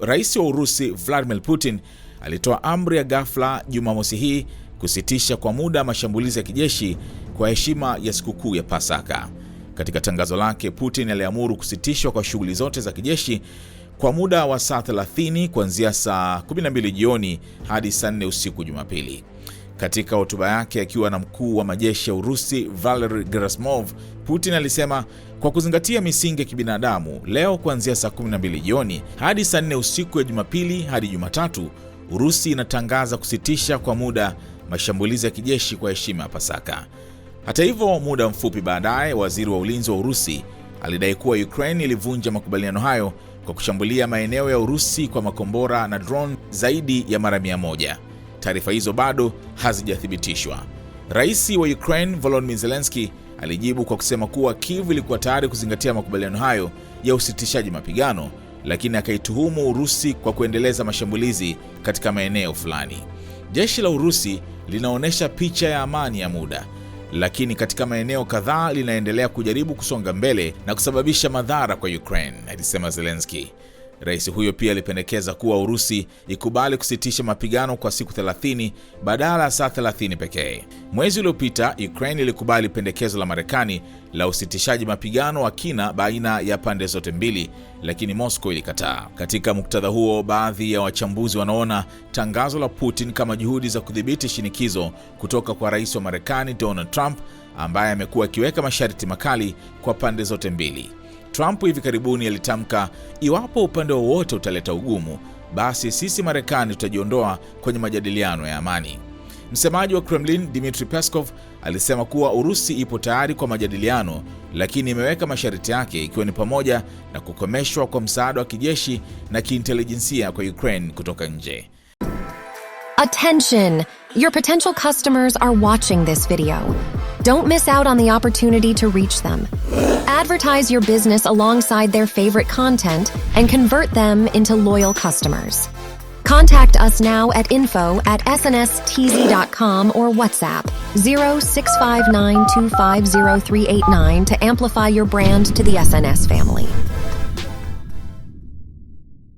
Rais wa Urusi Vladimir Putin alitoa amri ya ghafla Jumamosi hii kusitisha kwa muda mashambulizi ya kijeshi kwa heshima ya sikukuu ya Pasaka. Katika tangazo lake, Putin aliamuru kusitishwa kwa shughuli zote za kijeshi kwa muda wa saa 30 kuanzia saa 12 jioni hadi saa 4 usiku Jumapili. Katika hotuba yake akiwa na mkuu wa majeshi ya Urusi Valery Gerasimov, Putin alisema kwa kuzingatia misingi ya kibinadamu, leo kuanzia saa 12 jioni hadi saa 4 usiku ya Jumapili hadi Jumatatu, Urusi inatangaza kusitisha kwa muda mashambulizi ya kijeshi kwa heshima ya Pasaka. Hata hivyo, muda mfupi baadaye, waziri wa ulinzi wa Urusi alidai kuwa Ukraine ilivunja makubaliano hayo kwa kushambulia maeneo ya Urusi kwa makombora na drone zaidi ya mara mia moja. Taarifa hizo bado hazijathibitishwa. Rais wa Ukraine Volodymyr Zelensky alijibu kwa kusema kuwa Kiev ilikuwa tayari kuzingatia makubaliano hayo ya usitishaji mapigano, lakini akaituhumu Urusi kwa kuendeleza mashambulizi katika maeneo fulani. Jeshi la Urusi linaonyesha picha ya amani ya muda, lakini katika maeneo kadhaa linaendelea kujaribu kusonga mbele na kusababisha madhara kwa Ukraine, alisema Zelensky. Rais huyo pia alipendekeza kuwa Urusi ikubali kusitisha mapigano kwa siku 30 badala ya saa 30 pekee. Mwezi uliopita, Ukraine ilikubali pendekezo la Marekani la usitishaji mapigano wa kina baina ya pande zote mbili, lakini Moscow ilikataa. Katika muktadha huo, baadhi ya wachambuzi wanaona tangazo la Putin kama juhudi za kudhibiti shinikizo kutoka kwa rais wa Marekani Donald Trump ambaye amekuwa akiweka masharti makali kwa pande zote mbili. Trump hivi karibuni alitamka, iwapo upande wowote utaleta ugumu, basi sisi Marekani tutajiondoa kwenye majadiliano ya amani. Msemaji wa Kremlin Dmitry Peskov alisema kuwa Urusi ipo tayari kwa majadiliano, lakini imeweka masharti yake, ikiwa ni pamoja na kukomeshwa kwa msaada wa kijeshi na kiintelijensia kwa Ukraine kutoka nje. Attention, your potential customers are watching this video. Don't miss out on the opportunity to reach them. Advertise your business alongside their favorite content and convert them into loyal customers. Contact us now at info at snstz.com or WhatsApp 0659250389 to amplify your brand to the SNS family.